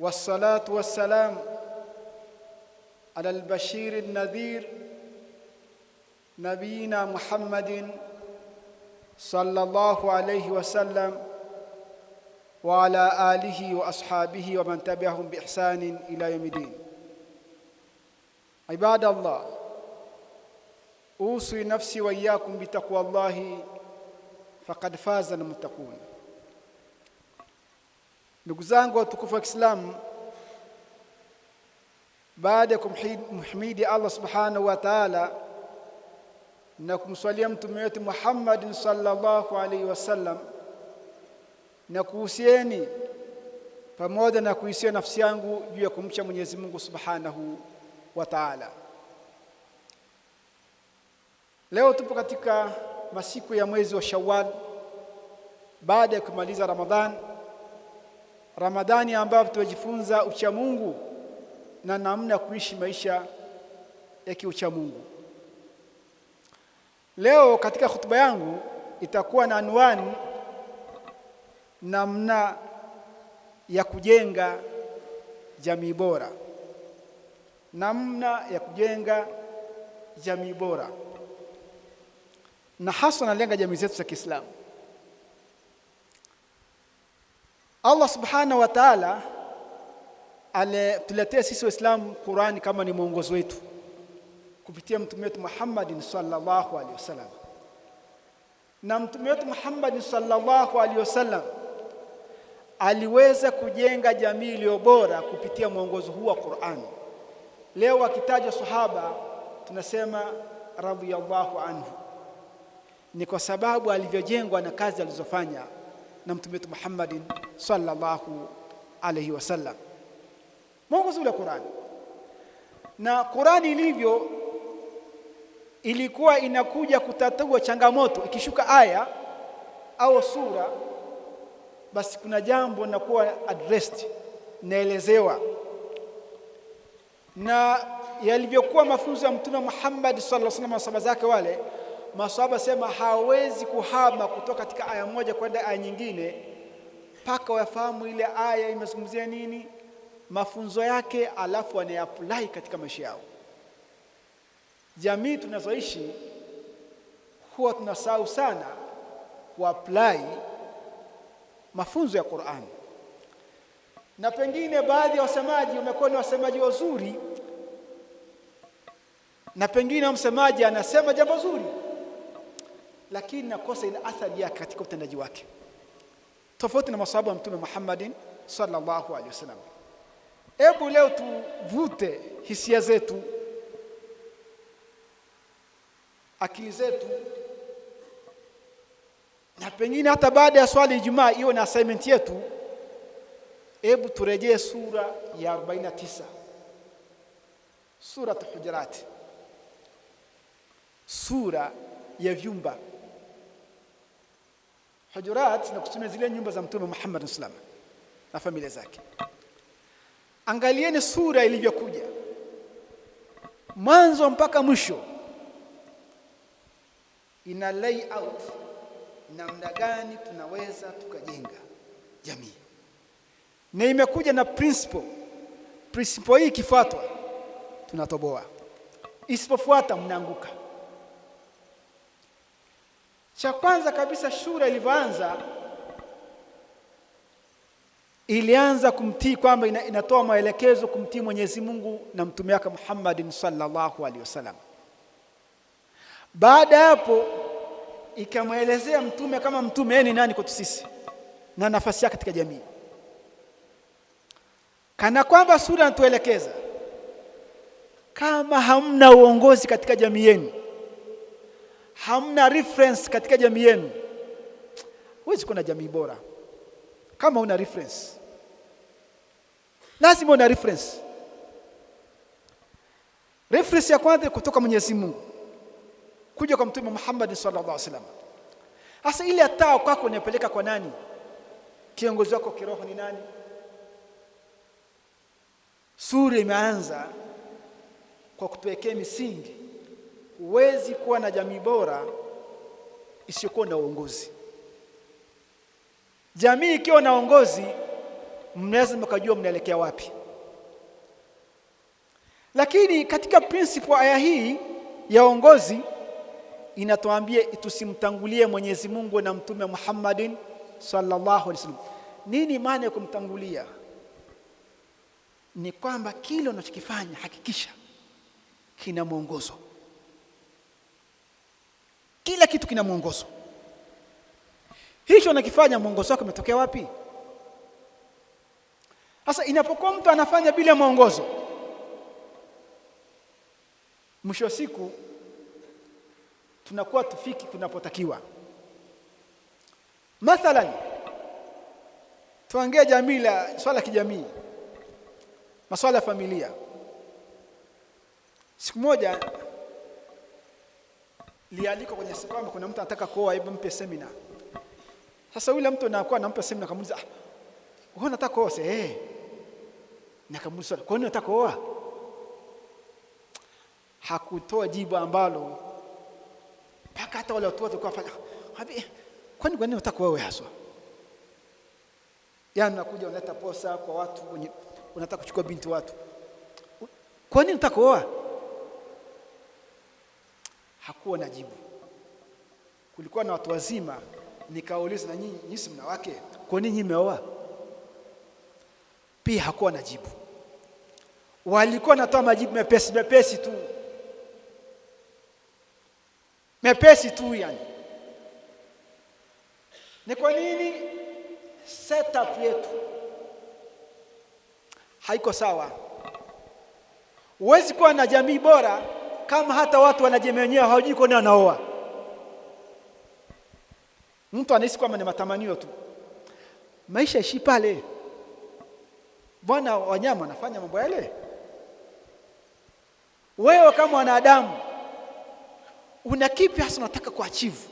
والصلاة والسلام على البشير النذير نبينا محمد صلى الله عليه وسلم وعلى آله وأصحابه ومن تبعهم بإحسان إلى يوم الدين عباد الله أوصي نفسي وإياكم بتقوى الله فقد فاز المتقون Ndugu zangu watukufu wa Kiislamu, baada ya kumhimidi Allah subhanahu wa ta'ala na kumswalia mtume wetu Muhammad sallallahu alaihi wasallam, na kuhusieni pamoja na kuhisia nafsi yangu juu ya kumcha Mwenyezi Mungu subhanahu wa ta'ala. Leo tupo katika masiku ya mwezi wa Shawwal baada ya kumaliza Ramadhan Ramadhani ambayo ucha uchamungu na namna ya kuishi maisha ya Mungu. Leo katika hotuba yangu itakuwa na anwani namna ya kujenga jamii bora, namna ya kujenga jamii bora, na hasa nalenga jamii zetu za Kiislamu. Allah subhanahu wa ta'ala alituletea sisi Waislamu Qur'ani kama ni mwongozo wetu kupitia mtume wetu Muhammadin sallallahu alaihi wasallam, na mtume wetu Muhammadin sallallahu alaihi wasallam aliweza kujenga jamii iliyo bora kupitia mwongozo huu wa Qur'ani. Leo akitaja sahaba tunasema radhiyallahu anhu, ni kwa sababu alivyojengwa na kazi alizofanya na mtume wetu Muhammadin sallallahu alayhi wasallam. Mwongozo ule Qurani na Qurani ilivyo ilikuwa inakuja kutatua changamoto. Ikishuka aya au sura, basi kuna jambo linakuwa addressed, naelezewa na yalivyokuwa mafunzo ya Mtume Muhammad sallallahu alaihi wasallam, masaba zake wale maswahaba sema hawezi kuhama kutoka katika aya moja kwenda aya nyingine mpaka wafahamu ile aya imezungumzia nini, mafunzo yake, alafu wanayapply katika maisha yao. Jamii tunazoishi huwa tunasahau sana kuapply mafunzo ya Qur'an, na pengine baadhi ya wasemaji wamekuwa ni wasemaji wazuri, na pengine msemaji anasema jambo zuri lakini nakosa ile athari yake katika utendaji wake, tofauti na masahaba wa Mtume Muhammadin sallallahu alaihi wasallam. Hebu leo tuvute hisia zetu, akili zetu, na pengine hata baada ya swali Ijumaa iwe na assignment yetu. Hebu turejee sura ya 49 Surat Hujurat, sura ya vyumba hujurat na kusimamia zile nyumba za Mtume Muhammad sallam na familia zake. Angalieni sura ilivyokuja mwanzo mpaka mwisho, ina layout namna gani tunaweza tukajenga jamii, na imekuja na principle. Principle hii ikifuatwa tunatoboa, isipofuata mnaanguka. Cha kwanza kabisa, shura ilivyoanza ilianza kumtii kwamba inatoa maelekezo kumtii Mwenyezi Mungu na mtume wake Muhammadin sallallahu alaihi wasallam. Baada ya hapo ikamwelezea mtume kama mtume yeye ni nani kwetu sisi na nafasi yake katika jamii, kana kwamba sura anatuelekeza kama hamna uongozi katika jamii yenu hamna reference katika jamii yenu, huwezi kuwa na jamii bora kama una reference. Lazima una reference. Reference ya kwanza kutoka Mwenyezi Mungu kuja kwa Mtume Muhammad sallallahu alaihi wasallam. hasa ile taa kwako unapeleka kwa nani? Kiongozi wako kiroho ni nani? Sura imeanza kwa kutuwekea misingi huwezi kuwa na jamii bora isiyokuwa na uongozi. Jamii ikiwa na uongozi, mnaweza mkajua mnaelekea wapi. Lakini katika principle aya hii ya uongozi inatuambia tusimtangulie Mwenyezi Mungu na Mtume Muhammadin sallallahu alaihi wasallam. Nini maana ya kumtangulia? Ni kwamba kile unachokifanya hakikisha kina mwongozo. Kila kitu kina mwongozo. Hicho nakifanya mwongozo wake umetokea wapi? Sasa inapokuwa mtu anafanya bila mwongozo, mwisho wa siku tunakuwa tufiki tunapotakiwa. Mathalan, tuangalie jamii la swala ya kijamii, masuala ya familia. Siku moja lialiko kwenye kwamba kuna mtu anataka kuoa, hebu mpe semina. Sasa yule mtu anakuwa anampa semina, kamuuliza ah, wewe unataka kuoa? Eh, Na kwa nini unataka kuoa? Hakutoa jibu ambalo mpaka hata wale watu wote kwa fanya habi, kwa nini unataka kuoa wewe haswa? Yaani unakuja unaleta posa kwa watu, unataka kuchukua binti watu, kwa nini unataka kuoa? hakuwa na jibu. Kulikuwa na watu wazima, nikawauliza na nyinyi, nyinyi mna wake, kwa nini mmeoa? Pia hakuwa na jibu. Walikuwa natoa majibu mepesi mepesi tu, mepesi tu, yani ni kwa nini setup yetu haiko sawa? Huwezi kuwa na jamii bora kama hata watu wanajemenyewa hawajui kwa nini wanaoa. Mtu anahisi kwamba ni matamanio tu, maisha ishi pale. Bwana wanyama wanafanya mambo yale, wewe kama wanadamu una kipi hasa unataka kuachivu?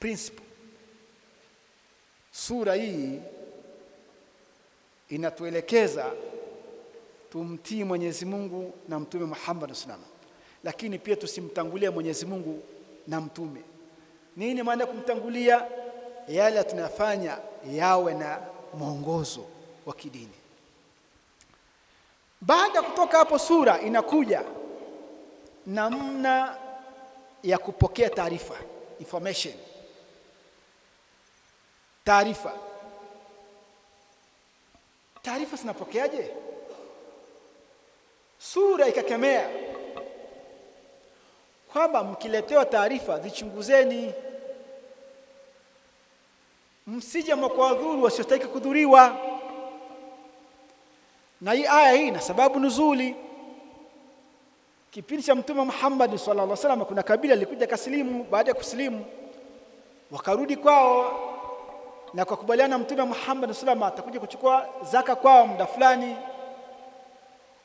Principle. Sura hii inatuelekeza tumtii Mwenyezi Mungu na Mtume Muhammad sallam, lakini pia tusimtangulie Mwenyezi Mungu na mtume. Nini maana kumtangulia? Yale tunafanya yawe na mwongozo wa kidini. Baada ya kutoka hapo, sura inakuja namna ya kupokea taarifa, information, taarifa. Taarifa zinapokeaje? sura ikakemea kwamba mkiletewa taarifa zichunguzeni, msije mkawadhuru wasiostahili kudhuriwa. Na hii aya hii na sababu nuzuli, kipindi cha Mtume Muhammad sallallahu alaihi wasallam kuna kabila lilikuja kasilimu. Baada ya kusilimu, wakarudi kwao na kwa kubaliana Mtume Muhammad sallallahu alaihi wasallam atakuja kuchukua zaka kwao muda fulani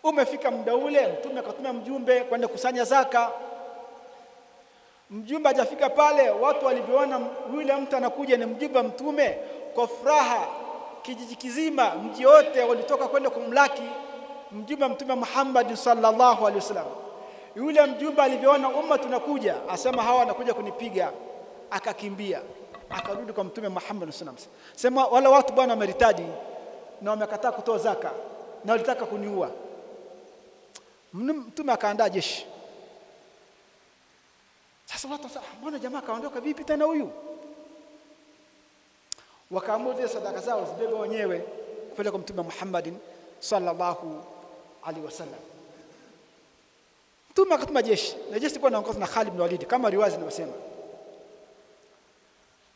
Umefika muda ule, mtume akatuma mjumbe kwenda kusanya zaka. Mjumbe hajafika pale, watu walivyoona yule mtu anakuja ni mjumbe wa mtume, kwa furaha kijiji kizima, mji wote walitoka kwenda kumlaki mjumbe wa mtume Muhammad sallallahu alaihi wasallam. Yule mjumbe alivyoona umma tunakuja, asema hawa wanakuja kunipiga, akakimbia akarudi kwa mtume Muhammad sallallahu alaihi wasallam, sema wale watu bwana wameritaji na wamekataa kutoa zaka na walitaka kuniua Mtume akaandaa jeshi. Sasa watu sasa, ah, mbona jamaa kaondoka vipi tena huyu? Wakaamua zile sadaka zao zibebe wenyewe kupeleka kwa Mtume Muhammadin sallallahu alaihi wasallam. Mtume akatuma jeshi na jeshi likuwa naongozwa na Khalid bin Walid kama riwazi inasema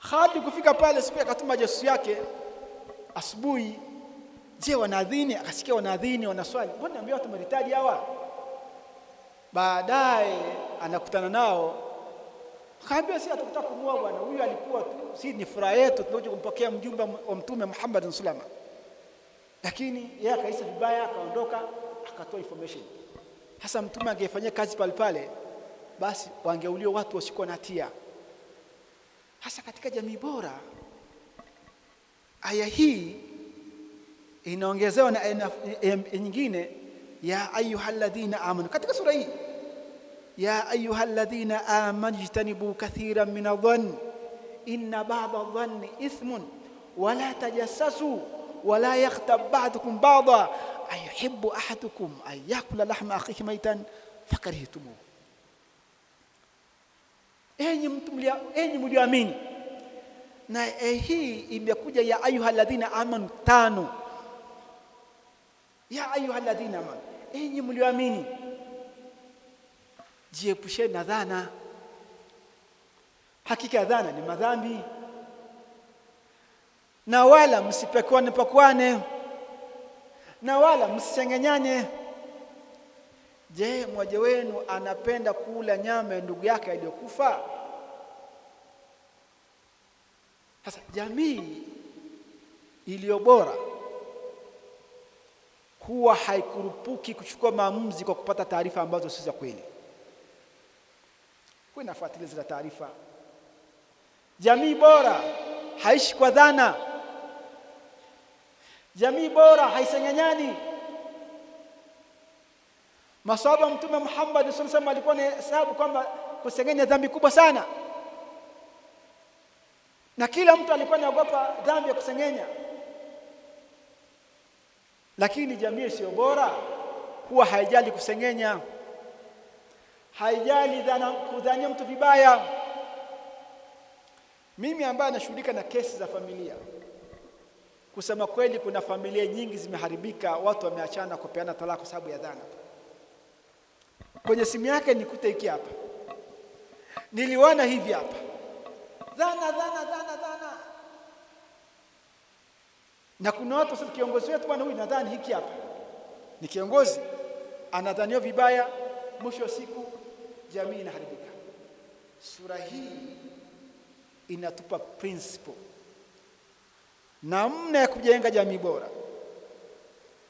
Khalid kufika pale siku akatuma jeshi yake asubuhi. Je, wanaadhini? Akasikia wanaadhini wanaswali, mbona niambia watu maritaji hawa Baadaye anakutana nao, kambia si atakutaka kumua bwana huyu, alikuwa tu, si ni furaha yetu tunakuja kumpokea mjumbe wa mtume Muhammad sallallahu lakini yeye akaisa vibaya, akaondoka, akatoa information. Hasa mtume angefanyia kazi pale pale, basi wangeulio watu wasikuwa na hatia, hasa katika jamii bora. Aya hii inaongezewa na aya nyingine ya ayuha amanu katika sura hii يا أيها الذين آمنوا اجتنبوا كثيرا من الظن إن بعض الظن إثم ولا تجسسوا ولا يغتب بعضكم بعضا أيحب أحدكم أن يأكل لحم أخيه ميتا فكرهتموه enyi mtu mlia, enyi mlioamini na eh, hii imekuja ya ayuha alladhina amanu tano ya ayuha alladhina amanu enyi mlioamini jiepusheni na dhana. Hakika ya dhana ni madhambi, na wala msipekuane pakwane, na wala msichengenyane. Je, mmoja wenu anapenda kula nyama ya ndugu yake aliyokufa? Sasa jamii iliyo bora huwa haikurupuki kuchukua maamuzi kwa kupata taarifa ambazo si za kweli kwa nafuatilia zile taarifa. Jamii bora haishi kwa dhana, jamii bora haiseng'enyani. Maswahaba Mtume Muhammad sallallahu alaihi wasallam alikuwa na hesabu kwamba kusengenya dhambi kubwa sana, na kila mtu alikuwa anaogopa dhambi ya kusengenya. Lakini jamii isiyo bora huwa haijali kusengenya haijali dhana kudhania mtu vibaya. Mimi ambaye anashughulika na kesi za familia, kusema kweli, kuna familia nyingi zimeharibika, watu wameachana kupeana talaka kwa sababu ya dhana. Kwenye simu yake nikuta hiki hapa, niliona hivi hapa, dhana dhana dhana dhana. Na kuna watu sasa, kiongozi wetu bwana, huyu nadhani hiki hapa ni kiongozi, anadhaniwa vibaya, mwisho wa siku jamii inaharibika. Sura hii inatupa principle namna ya kujenga jamii bora.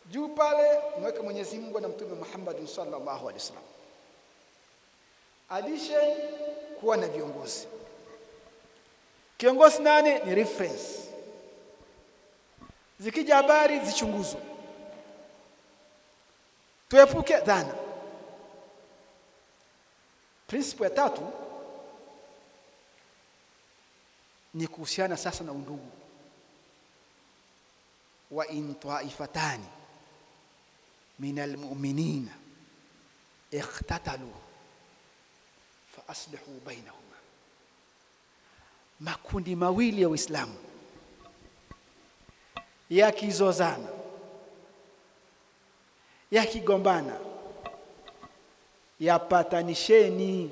Juu pale mweke Mwenyezi Mungu na Mtume Muhammad sallallahu alaihi wasallam, addition kuwa na viongozi. Kiongozi nane ni reference, zikija habari zichunguzwe, tuepuke dhana Prinsipo ya tatu ni kuhusiana sasa na undugu wa in taifatani min almuminina ikhtatalu fa aslihu bainahuma, makundi mawili ya uislamu yakizozana yakigombana yapatanisheni.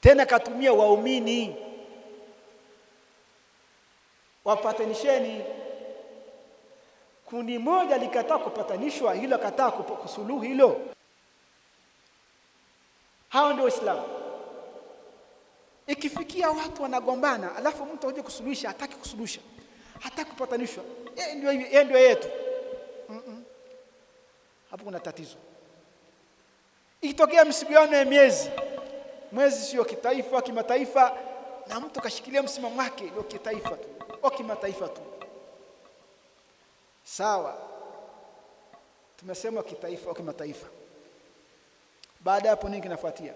Tena katumia waumini, wapatanisheni. Kundi moja likataa kupatanishwa, hilo akataa kusuluhu hilo, hao ndio Waislamu. Ikifikia watu wanagombana, alafu mtu aje kusuluhisha, hataki kusuluhisha, hataki kupatanishwa, yeye ndio yetu hapo kuna tatizo. Ikitokea msigano ya miezi mwezi sio kitaifa, kimataifa, na mtu kashikilia msimamo wake ndio kitaifa tu au kimataifa tu, sawa, tumesema kitaifa au kimataifa. Baada ya hapo, nini kinafuatia?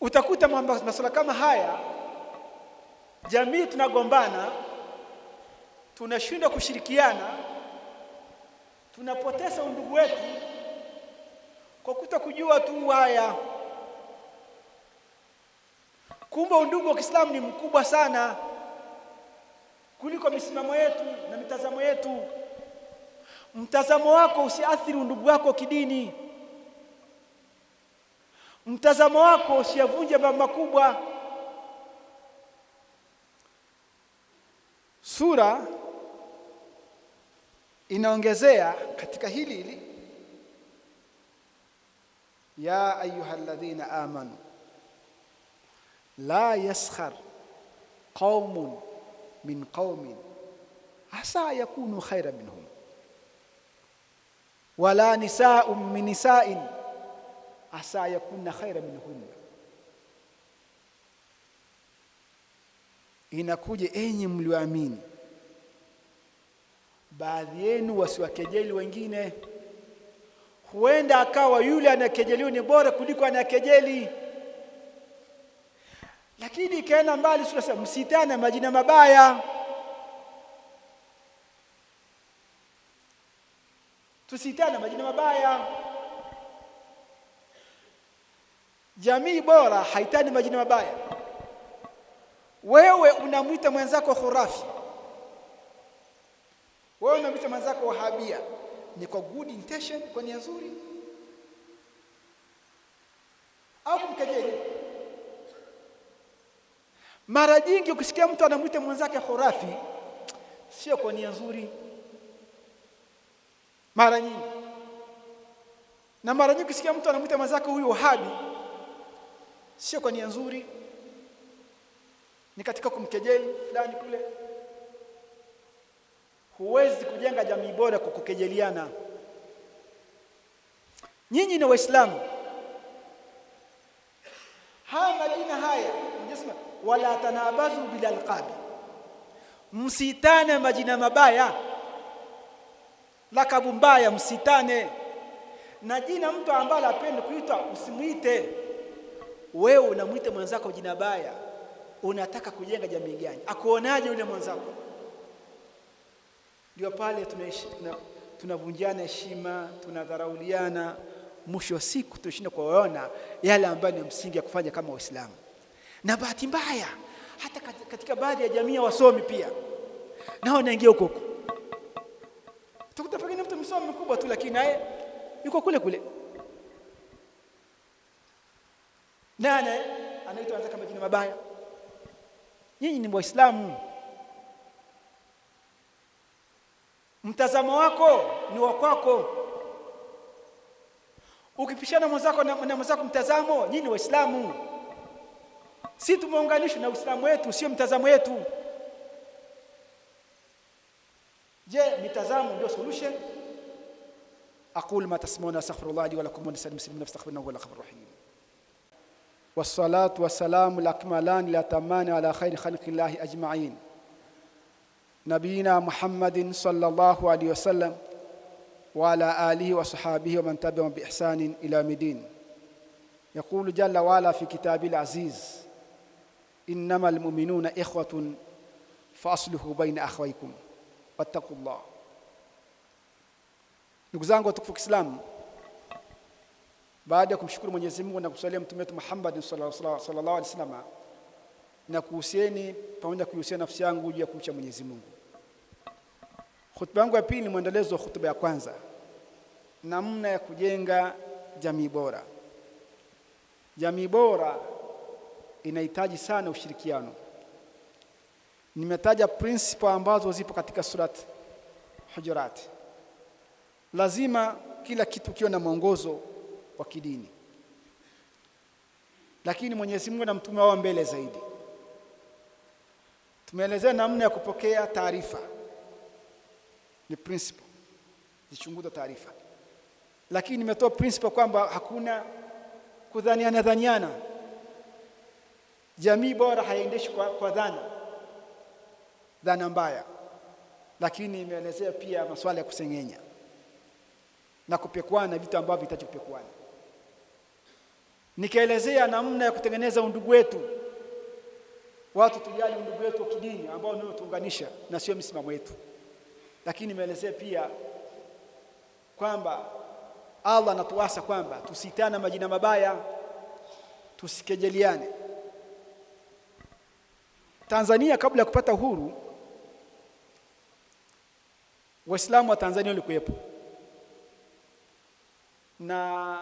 Utakuta masuala kama haya, jamii tunagombana, tunashindwa kushirikiana tunapoteza undugu wetu kwa kutokujua tu haya. Kumbe undugu wa Kiislamu ni mkubwa sana kuliko misimamo yetu na mitazamo yetu. Mtazamo wako usiathiri undugu wako kidini. Mtazamo wako usiyavunje mambo makubwa. Sura inaongezea katika hili hili ya ayuha alladhina amanu la yaskhar qaumun min qaumin asa yakunu khayran minhum wala nisaa'un min nisa'in asa yakunna khayran minhum inakuja enyi mlioamini baadhi yenu wasiwakejeli wengine. Huenda akawa yule anakejeliwa ni bora kuliko anakejeli. Lakini ikaenda mbali, sasa msitana majina mabaya, tusitana majina mabaya. Jamii bora haitani majina mabaya. Wewe unamwita mwenzako khurafi wewe unamwita mwenzako wahabia ni kwa good intention, kwa nia nzuri, au kumkejeli? Mara nyingi ukisikia mtu anamwita mwenzake khurafi, sio kwa nia nzuri, mara nyingi. Na mara nyingi ukisikia mtu anamwita mwenzake huyu wahabi, sio kwa nia nzuri, ni katika kumkejeli fulani kule Huwezi kujenga jamii bora kwa kukejeliana. Nyinyi ni Waislamu, haya majina haya mjasema, wala tanabazu bila alqabi, msitane majina mabaya, lakabu mbaya msitane. Na jina mtu ambaye apende kuitwa usimwite. Wewe unamwita mwenzako jina baya, unataka kujenga jamii gani? Akuonaje yule mwenzako? ndio pale tunavunjana heshima, tunadharauliana, mwisho wa siku tunashinda kuona yale ambayo ni msingi ya kufanya kama Waislamu. Na bahati mbaya hata katika baadhi ya jamii ya wasomi pia nao naingia huko huko, tukuta pengine mtu msomi mkubwa tu, lakini naye yuko kule kule nane anaitwa kama jina mabaya. Nyinyi ni Waislamu. Mtazamo wako ni wa kwako. Ukipishana mwenzako na mwenzako mtazamo, nyinyi Waislamu, si tumeunganishwa na Uislamu wetu, sio mtazamo wetu. Je, mitazamo ndio solution? aqulu ma tasmauna astaghfirullah li wa lakum wa lisal muslimin astaghfiruhu wa ghafurur rahim wassalatu wassalamu lakmalani la tamani ala khairi khalqillahi ajma'in نبينا محمد صلى الله عليه وسلم وعلى آله وصحابه ومن تبعهم بإحسان إلى مدين يقول جل وعلا في كتاب العزيز إنما المؤمنون إخوة فأصلحوا بين أخويكم واتقوا الله ndugu zangu watukufu Kiislamu baada شكر من Mwenyezi Mungu na kusalia mtume wetu صلى الله عليه وسلم. na kuhusieni pamoja na kuihusia nafsi yangu juu ya kumcha Mwenyezi Mungu. Hutuba yangu ya pili ni mwendelezo wa hutuba ya kwanza, namna ya kujenga jamii bora. Jamii bora inahitaji sana ushirikiano. Nimetaja principle ambazo zipo katika surat Hujurat. Lazima kila kitu kiwe na mwongozo wa kidini, lakini Mwenyezi Mungu na mtume wao mbele zaidi. Tumeelezea namna ya kupokea taarifa, ni principle zichunguza taarifa, lakini nimetoa principle kwamba hakuna kudhaniana dhaniana. Jamii bora haiendeshi kwa, kwa dhana dhana mbaya, lakini imeelezea pia masuala ya kusengenya na kupekuana vitu ambavyo vitahitaji kupekuana. Nikaelezea namna ya kutengeneza undugu wetu Watu tujali ndugu wetu wa kidini ambao ndio tuunganisha na sio misimamo yetu. Lakini nimeelezea pia kwamba Allah anatuasa kwamba tusitana majina mabaya, tusikejeliane. Tanzania kabla ya kupata uhuru, Waislamu wa Tanzania walikuwepo na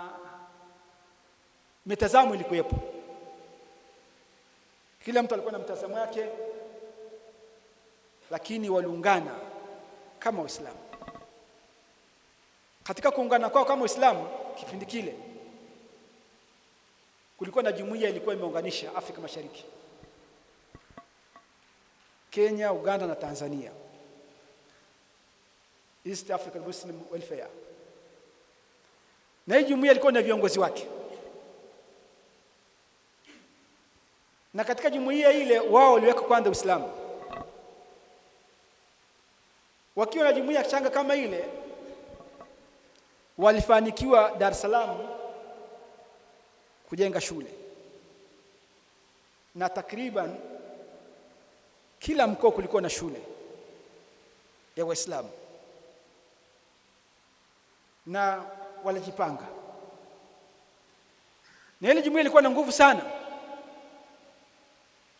mitazamo ilikuwepo kila mtu alikuwa na mtazamo wake, lakini waliungana kama Waislamu. Katika kuungana kwao kama Waislamu, kipindi kile kulikuwa na jumuiya ilikuwa imeunganisha Afrika Mashariki, Kenya, Uganda na Tanzania, East African Muslim Welfare, na hii jumuiya ilikuwa na viongozi wake na katika jumuiya ile wao waliweka kwanza Uislamu. Wakiwa na jumuiya changa kama ile, walifanikiwa Dar es Salaam kujenga shule, na takriban kila mkoa kulikuwa na shule ya Waislamu na walijipanga, na ile jumuiya ilikuwa na nguvu sana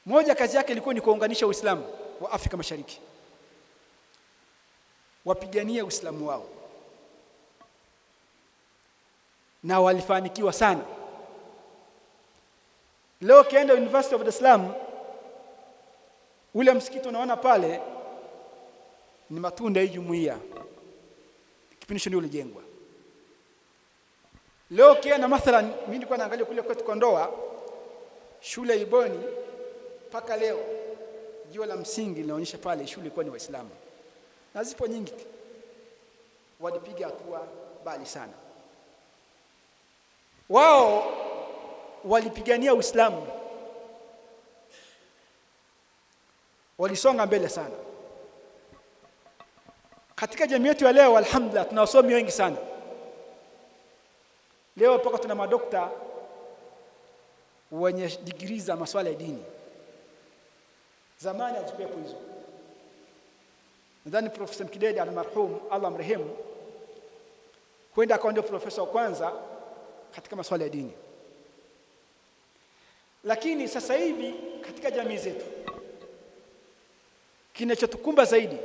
moja kazi yake ilikuwa ni kuunganisha Uislamu wa Afrika Mashariki, wapigania Uislamu wao na walifanikiwa sana. Leo ukienda University of Dar es Salaam, ule msikiti unaona pale ni matunda ya jumuiya, kipindi hicho ndio ulijengwa. Leo ukienda mathalan, mimi nilikuwa naangalia kule kwetu Kondoa, shule ya Iboni mpaka leo jiwe la msingi linaonyesha pale shule ilikuwa ni Waislamu, na zipo nyingi, walipiga hatua bali sana. Wao walipigania Uislamu, walisonga mbele sana. Katika jamii yetu ya leo, alhamdulillah, tuna wasomi wengi sana leo, mpaka tuna madokta wenye digrii za masuala ya dini. Zamani hazikuwepo hizo. Nadhani Profesa Mkidede almarhum Allah mrehemu, huenda akawa ndio profesa wa kwanza katika masuala ya dini. Lakini sasa hivi katika jamii zetu kinachotukumba zaidi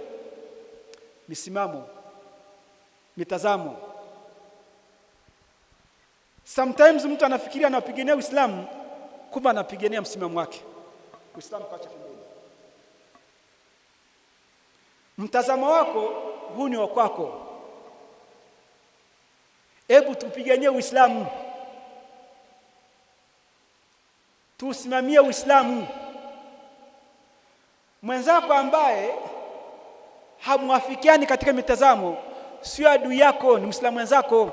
misimamo, mitazamo. Sometimes mtu anafikiria anapigania Uislamu, kumbe anapigania msimamo wake Uislamu kacha Mtazamo wako huu ni wa kwako. Hebu tupiganie Uislamu, tusimamie Uislamu. Mwenzako ambaye hamwafikiani katika mitazamo sio adui yako, ni Muislamu mwenzako,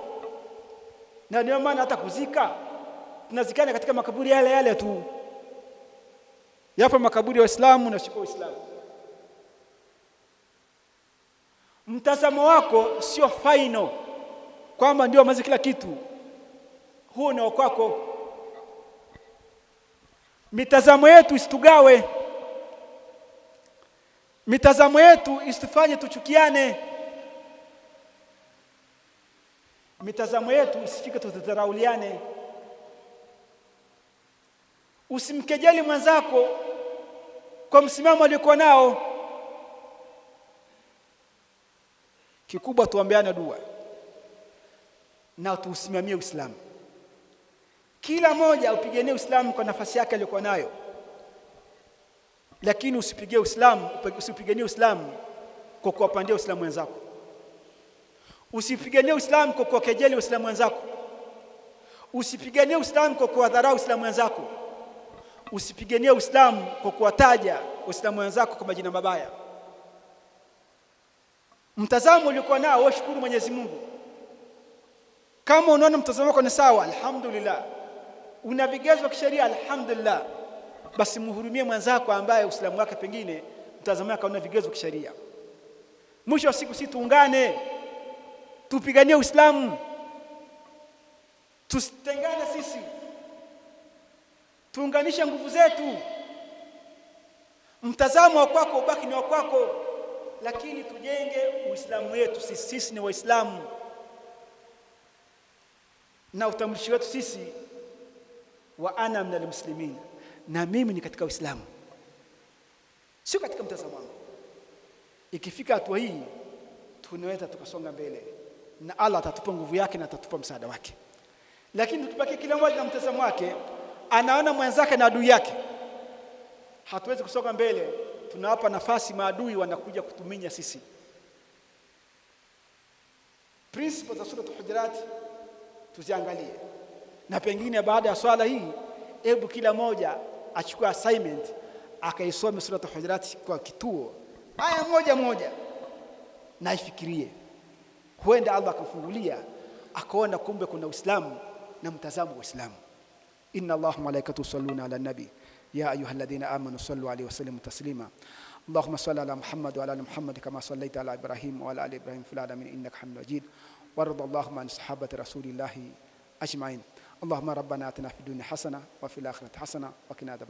na ndio maana hata kuzika tunazikana katika makaburi yale yale tu. Yapo makaburi ya Waislamu na sio Waislamu. mtazamo wako sio final kwamba ndio mazi kila kitu, huo ni wakwako Mitazamo yetu isitugawe, mitazamo yetu isitufanye tuchukiane, mitazamo yetu isifike tutadharauliane. Usimkejeli mwenzako kwa msimamo aliokuwa nao Kikubwa tuambeane dua na tuusimamie Uislamu, kila moja upiganie Uislamu kwa nafasi yake aliyokuwa nayo, lakini usipigie Uislamu, usipiganie Uislamu kwa kuwapandia Uislamu wenzako, usipiganie Uislamu kwa kuwakejeli Uislamu wenzako, usipiganie Uislamu kwa kuwadharau Uislamu wenzako, usipiganie Uislamu kwa kuwataja Uislamu wenzako kwa majina mabaya mtazamo uliokuwa nao washukuru Mwenyezi Mungu. Kama unaona mtazamo wako ni sawa, alhamdulillah. Una vigezo kisheria, alhamdulillah. Basi mhurumie mwenzako ambaye Uislamu wake pengine mtazamo wake una vigezo kisheria. Mwisho wa siku, si tuungane, tupiganie Uislamu, tusitengane sisi, tuunganishe nguvu zetu. Mtazamo wa kwako ubaki ni wa kwako lakini tujenge Uislamu wetu sisi. Sisi ni Waislamu na utambulishi wetu sisi wa ana minal muslimin, na mimi ni katika Uislamu, sio katika mtazamo wangu. Ikifika hatua hii, tunaweza tukasonga mbele na Allah atatupa nguvu yake na atatupa msaada wake, lakini tutupake kila mmoja na mtazamo wake. Anaona mwenzake na adui yake, hatuwezi kusonga mbele tunawapa nafasi maadui wanakuja kutuminya sisi. Principles za surat Hujurat tuziangalie, na pengine baada ya swala hii, hebu kila moja achukue assignment akaisome surat Hujurat kwa kituo, aya moja moja, na ifikirie. Huenda Allah akafungulia akaona kumbe kuna Uislamu na mtazamo wa Uislamu. inna Allahu malaikatu salluna ala nabi يا أيها الذين آمنوا صلوا عليه وسلموا تسليما اللهم صل على محمد وعلى ال محمد كما صليت على ابراهيم وعلى ال ابراهيم في العالمين انك حميد مجيد وارض اللهم عن صحابه رسول الله اجمعين اللهم ربنا اتنا في الدنيا حسنه وفي الاخره حسنه وقنا عذاب